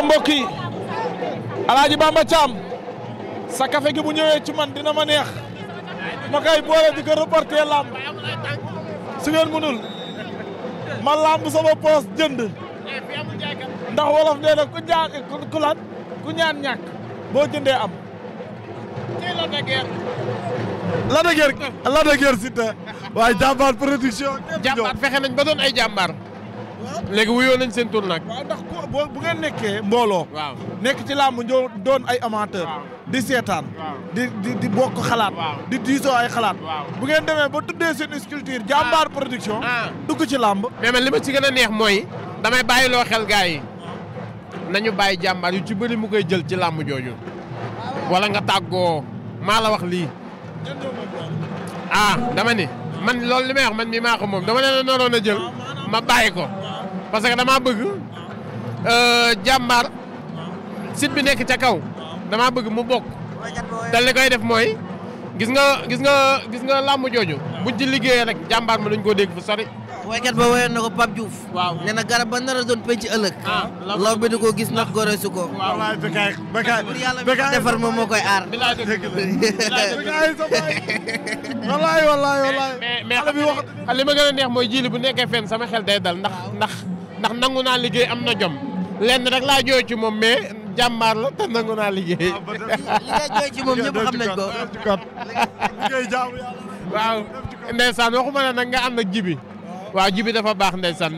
ca mbokk yi Bamba cham sa café gi bu ñëwee ci man dina ma neex ma koy boole di ko reporter làmb su ngeen mënul ma lamb sama poste jënd ndax wolof nee na ku ñaan ku lan ku ñaan ñak bo jëndé am la guerre la dëgër guerre sita way jambar production jambar fexé nañ ba doon ay jambar léegi wuyoo nañ seen tur nag. waaw bu ngeen nekkee mbooloo. waaw nekk ci làmb ñoo doon ay amateur. di seetaan. di di di bokk xalaat. di diisoo ay xalaat. bu ngeen demee ba tuddee seen sculpture. jàmbaar ah. production. Ah. dugg ci làmb. mais man li ma ci gën a neex mooy. damay bàyyiloo xel gaa yi. nañu bàyyi jàmbaar yu ci bëri mu koy jël ci làmb jooju. wala nga tàggoo maa la wax lii. ah dama ni man loolu li may wax man mii maa ko moom dama leen a naroon a jël ah, ma bàyyi ko. parce que damaa bëgg euh, jàmbaar site bi nekk ca kaw damaa bëgg mu bokk dal li koy def mooy gis nga gis nga gis nga làmb jooju buñ ci liggéeyee rek jàmbaar ma luñ ko dégg fu sori woykat ba woyoon na ko Pape Diouf waaw nee na garab ba nar a doon penc ëllëg ah, law bi ko gis ndax gore su ko waaw bakaay bakaay bakaay defar moom moo mais mais li ma mooy jili bu nekkee fenn sama xel day dal ndax ndax ndax nangu naa liggéey am na jom lenn rek laa jooy ci moom mais jàmbaar la te nangu naa liggéey. Ah, li nga jooy ci moom ñëpp xam nañ ko. waaw ndeysaan waxuma ne nag am ànd ak jibi waaw jibi dafa baax ndeysaan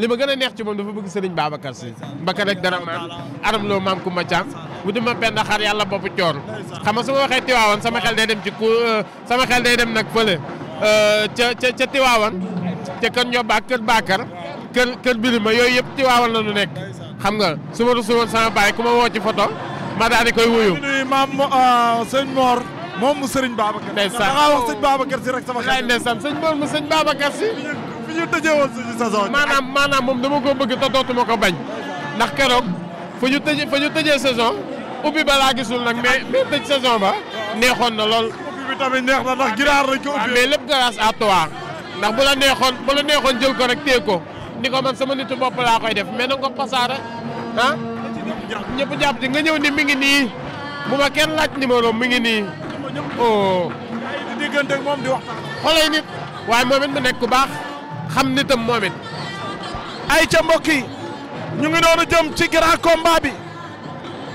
li ma gën a neex ci moom dafa bëgg sëriñ Babacar si mbaka rek dara maan aram loo maam ku ma caan bu duma benn xar yàlla boppu coor xam nga su waxee tiwaawan sama xel de dem ci ku euh, sama xel day dem nag fële euh, ca ca ca tiwaawan ca kër baa kër kër kër birima yooyu yëpp ci waawal na ñu nekk xam nga su ma rusu woon sama baay ku ma woo ci photo ma daal di koy wuyu maam ah, sëñ Mor moom mu sëriñ Babacar ndeysaan da nga wax sëñ Babacar si rek sama xel ndeysaan sëñ Mor sëñ Babacar si fi ñu tëjee saison maanaam maanaam moom dama koo bëgg te dootuma ko bañ ndax keroog fu ñu tëjee fu ñu saison ubbi balaa gisul nag mais mais tëj saison ba neexoon na lool ubbi bi tamit neex na ndax giraar lañ ko ah, ubbi mais lépp grâce à ndax bu la neexoon bu la neexoon jël ko rek téye ko ni ko man sama nitu bop la koy def mais na nga ko pasaare ah. ñëpp jàpp ci nga ñew ni mi ngi ni bu ma kenn laaj numéro mi ngi ni oh. di diggante ak mom di wax tax xolay nit way momit mu nek ku bax xam nitam moom it. ay ca mbokki ñu ngi noonu jëm ci grand combat bi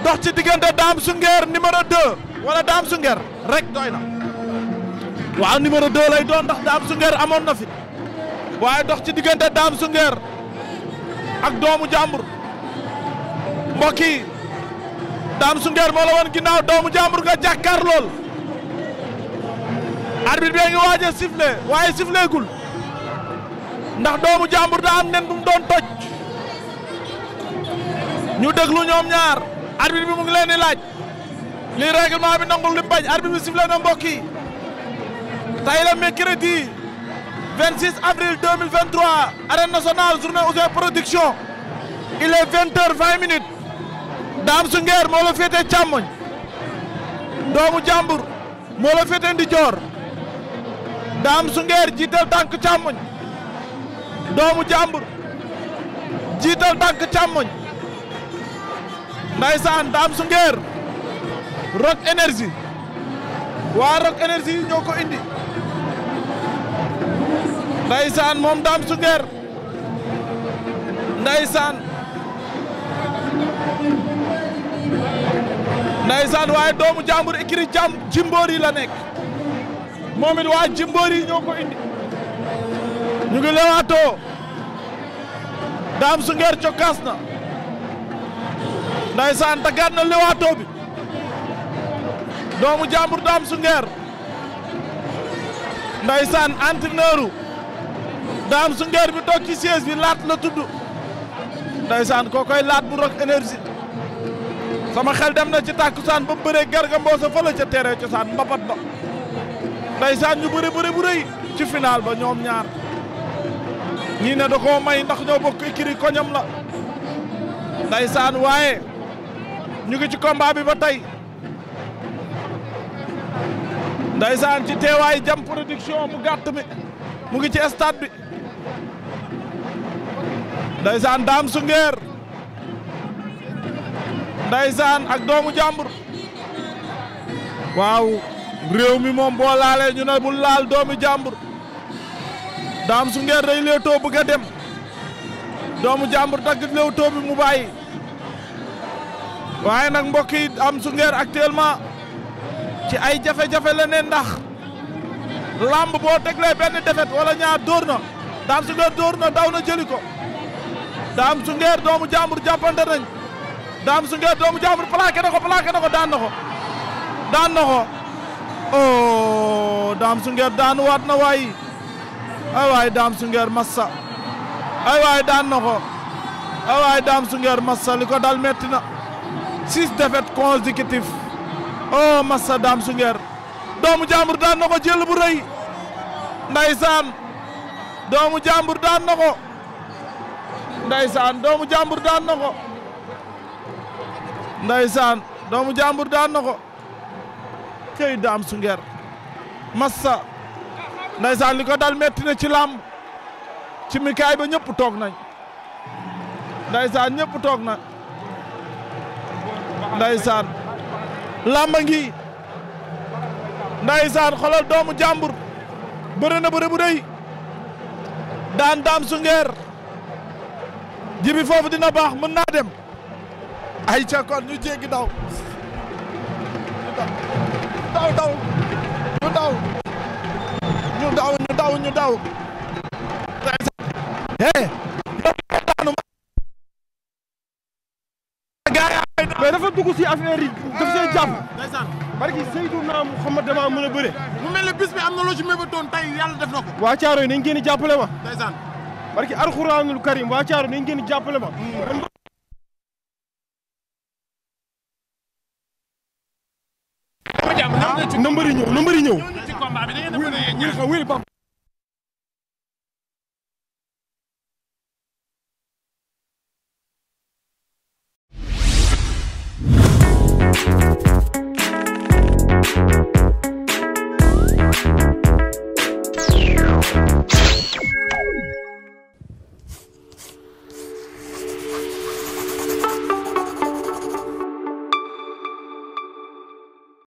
dox ci diggante Dame Souguer numéro 2 wala Dame Souguer rek doyna waaw numéro 2 lay doon ndax Dame Souguer amon na fi. waaye dox ci diggante Dame Sungeer ak doomu jàmbur mbokki yi Dame Sungeer moo la woon ginnaaw doomu jàmbur nga jàkkaar lool arbitre bi ngi waaj a sifflé waaye siffléegul ndax doomu jàmbur daa am nen bu mu doon toj ñu déglu ñoom ñaar arbitre bi mu ngi leen di laaj lii règlement bi nangul li mu bañ arbitre bi sifflé na mbokk yi tey la mercredi 26 avril 2023 arène nationale journée Ouzin Production il est 20 heures 20 minutes Dame Sungeer moo la féete càmmoñ doomu jàmbur moo la féete ndijoor Dame Sungeer jiital tànk càmmoñ doomu jàmbur jiital tànk càmmoñ ndaysaan Dame Sungeer Rock Énergie waa Rock Énergie ñoo ko indi Ndeysaan moom Dame Suker Ndeysaan Ndeysaan waaye doomu jàmbur écrit jàmm jimboor la nekk moom it waa jimboor yi ñoo ko indi ñu ngi lewaatoo Dame Suker cokkaas na Ndeysaan taggaat na lewaatoo bi doomu jàmbur Dame Suker Ndeysaan entraîneur daam su ngeer bi toog ci siège bi laat la tudd ndaysaan koo koy laat bu rok énergie sama xel dem na ci tàkkusaan ba bëree garga mboosa fa la ca teree cosaan mbapat ba ndaysaan ñu bëri bëri bu ci final ba ñoom ñaar ñii ne da koo may ndax ñoo bokk ikiri koñam la ndaysaan waaye ñu ngi ci combat bi ba tey ndaysaan ci teewaayu jam production mu gàtt mi mu ngi ci stade bi ndaysaan daam su ngeer ndaysaan ak doomu jàmbur waaw réew mi moom boo laalee ñu ne bu laal doomu jàmbur daam su ngeer day leetoo bëgg a dem doomu jàmbur dagg leetoo bi mu bàyyi waaye nag mbokk yi am su ngeer actuellement ci ay jafe-jafe la ndax lamb boo teglee benn defet wala ñaar dóor na daam su ngeer dóor na daw na jëli ko daam su ngeer doomu jàmbur jàppante nañ daam su doomu jàmbur plaqué na ko daan na ko daan na ko oh daam su waat na waay ay waay daam massa ay waay daan na ko ay waay daam massa li metti na six défaites consécutives oh massa daam doomu jàmbur daan na ko jël bu rëy doomu jàmbur daan na ko ndeysaan doomu jàmbur daan na ko ndeysaan doomu jàmbur daan na ko këy daam su nger massa ndeysaan li ko dal metti na ci làmb ci mikaay ba ñëpp toog nañ ndeysaan ñëpp toog na ndeysaan làmba ngi ndeysaan xolal doomu jàmbur bëre na bëre bu rëy daan daam su ngeer jibi foofu dina baax mën naa dem ay ca kon ñu jéggi daw daw daw ñu daw ñu daw ñu daw ñu daw hey mais dafa dugg si affaire yi daf see jàpp ah. barki Seydouna Muhammad dama mën a bëre mu mel ne bis bi am na loo ci mébatoon tey yàlla def na ko waa caaro yi nañ génn jàppale ma barki alxuraanul karim waa Thiarou nañ gën jàppale ma. ah. na mbëri ñëw na mbëri ñëw.